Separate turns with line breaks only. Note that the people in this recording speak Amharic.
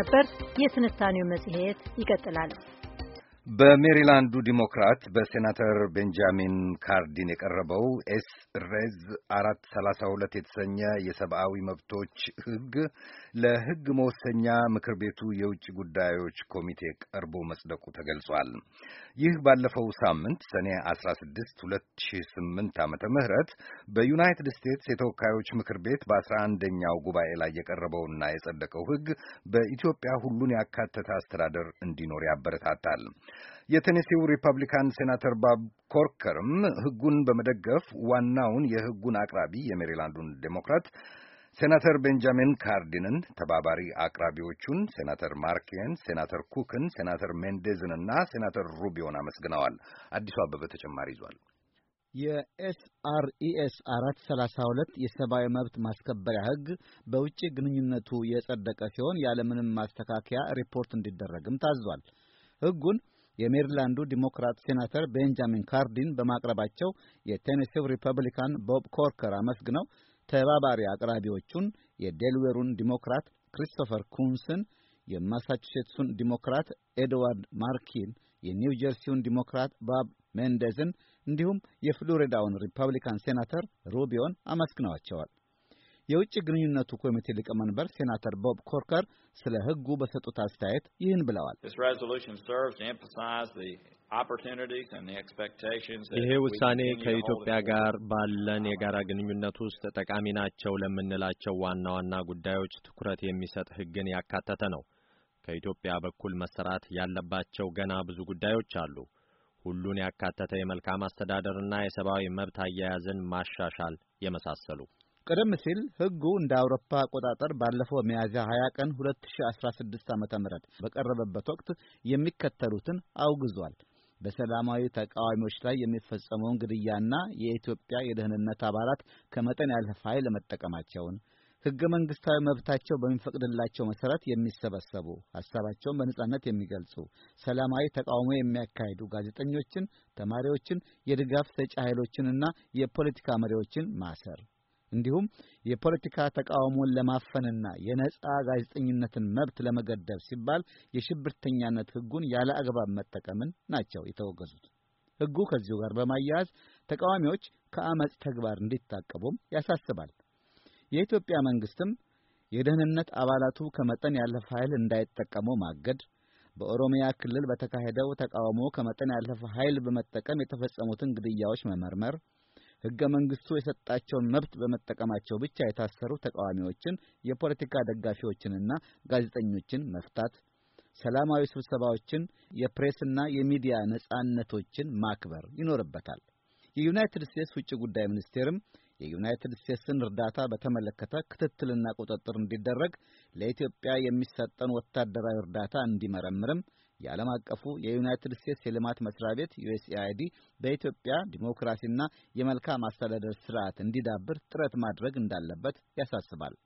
ነበር። የትንታኔው መጽሔት ይቀጥላል።
በሜሪላንዱ ዲሞክራት በሴናተር ቤንጃሚን ካርዲን የቀረበው ኤስ ሬዝ አራት ሰላሳ ሁለት የተሰኘ የሰብአዊ መብቶች ህግ ለህግ መወሰኛ ምክር ቤቱ የውጭ ጉዳዮች ኮሚቴ ቀርቦ መጽደቁ ተገልጿል። ይህ ባለፈው ሳምንት ሰኔ አስራ ስድስት ሁለት ስምንት ዓመተ ምህረት በዩናይትድ ስቴትስ የተወካዮች ምክር ቤት በአስራ አንደኛው ጉባኤ ላይ የቀረበውና የጸደቀው ህግ በኢትዮጵያ ሁሉን ያካተተ አስተዳደር እንዲኖር ያበረታታል። የቴኔሲው ሪፐብሊካን ሴናተር ባብ ኮርከርም ህጉን በመደገፍ ዋናውን የህጉን አቅራቢ የሜሪላንዱን ዴሞክራት ሴናተር ቤንጃሚን ካርዲንን፣ ተባባሪ አቅራቢዎቹን ሴናተር ማርኬን፣ ሴናተር ኩክን፣ ሴናተር ሜንዴዝንና ሴናተር ሩቢዮን አመስግነዋል። አዲሱ አበበ ተጨማሪ ይዟል።
የኤስአርኢኤስ አራት ሰላሳ ሁለት የሰብአዊ መብት ማስከበሪያ ህግ በውጭ ግንኙነቱ የጸደቀ ሲሆን ያለምንም ማስተካከያ ሪፖርት እንዲደረግም ታዟል። ህጉን የሜሪላንዱ ዲሞክራት ሴናተር ቤንጃሚን ካርዲን በማቅረባቸው የቴኔሲው ሪፐብሊካን ቦብ ኮርከር አመስግነው ተባባሪ አቅራቢዎቹን የዴልዌሩን ዲሞክራት ክሪስቶፈር ኩንስን፣ የማሳቹሴትሱን ዲሞክራት ኤድዋርድ ማርኪን፣ የኒው ጀርሲውን ዲሞክራት ባብ ሜንደዝን እንዲሁም የፍሎሪዳውን ሪፐብሊካን ሴናተር ሩቢዮን አመስግነዋቸዋል። የውጭ ግንኙነቱ ኮሚቴ ሊቀመንበር ሴናተር ቦብ ኮርከር ስለ ሕጉ በሰጡት አስተያየት ይህን ብለዋል። ይሄ ውሳኔ ከኢትዮጵያ ጋር ባለን የጋራ ግንኙነት ውስጥ ጠቃሚ ናቸው ለምንላቸው ዋና ዋና ጉዳዮች ትኩረት የሚሰጥ ሕግን ያካተተ ነው። ከኢትዮጵያ በኩል መሰራት ያለባቸው ገና ብዙ ጉዳዮች አሉ። ሁሉን ያካተተ የመልካም አስተዳደርና የሰብአዊ መብት አያያዝን ማሻሻል የመሳሰሉ ቀደም ሲል ህጉ እንደ አውሮፓ አቆጣጠር ባለፈው ሚያዝያ 20 ቀን 2016 ዓ.ም በቀረበበት ወቅት የሚከተሉትን አውግዟል። በሰላማዊ ተቃዋሚዎች ላይ የሚፈጸመውን ግድያና የኢትዮጵያ የደህንነት አባላት ከመጠን ያለፈ ኃይል መጠቀማቸውን፣ ህገ መንግስታዊ መብታቸው በሚፈቅድላቸው መሰረት የሚሰበሰቡ ሐሳባቸውን በነጻነት የሚገልጹ ሰላማዊ ተቃውሞ የሚያካሂዱ ጋዜጠኞችን፣ ተማሪዎችን፣ የድጋፍ ሰጪ ኃይሎችንና የፖለቲካ መሪዎችን ማሰር እንዲሁም የፖለቲካ ተቃውሞን ለማፈንና የነጻ ጋዜጠኝነትን መብት ለመገደብ ሲባል የሽብርተኛነት ሕጉን ያለ አግባብ መጠቀምን ናቸው የተወገዙት። ሕጉ ከዚሁ ጋር በማያያዝ ተቃዋሚዎች ከአመፅ ተግባር እንዲታቀቡም ያሳስባል። የኢትዮጵያ መንግስትም የደህንነት አባላቱ ከመጠን ያለፈ ኃይል እንዳይጠቀሙ ማገድ፣ በኦሮሚያ ክልል በተካሄደው ተቃውሞ ከመጠን ያለፈ ኃይል በመጠቀም የተፈጸሙትን ግድያዎች መመርመር፣ ሕገ መንግሥቱ የሰጣቸውን መብት በመጠቀማቸው ብቻ የታሰሩ ተቃዋሚዎችን፣ የፖለቲካ ደጋፊዎችንና ጋዜጠኞችን መፍታት፣ ሰላማዊ ስብሰባዎችን፣ የፕሬስና የሚዲያ ነጻነቶችን ማክበር ይኖርበታል። የዩናይትድ ስቴትስ ውጭ ጉዳይ ሚኒስቴርም የዩናይትድ ስቴትስን እርዳታ በተመለከተ ክትትልና ቁጥጥር እንዲደረግ፣ ለኢትዮጵያ የሚሰጠን ወታደራዊ እርዳታ እንዲመረምርም የዓለም አቀፉ የዩናይትድ ስቴትስ የልማት መስሪያ ቤት ዩኤስኤአይዲ በኢትዮጵያ ዲሞክራሲና የመልካም አስተዳደር ስርዓት እንዲዳብር ጥረት ማድረግ እንዳለበት ያሳስባል።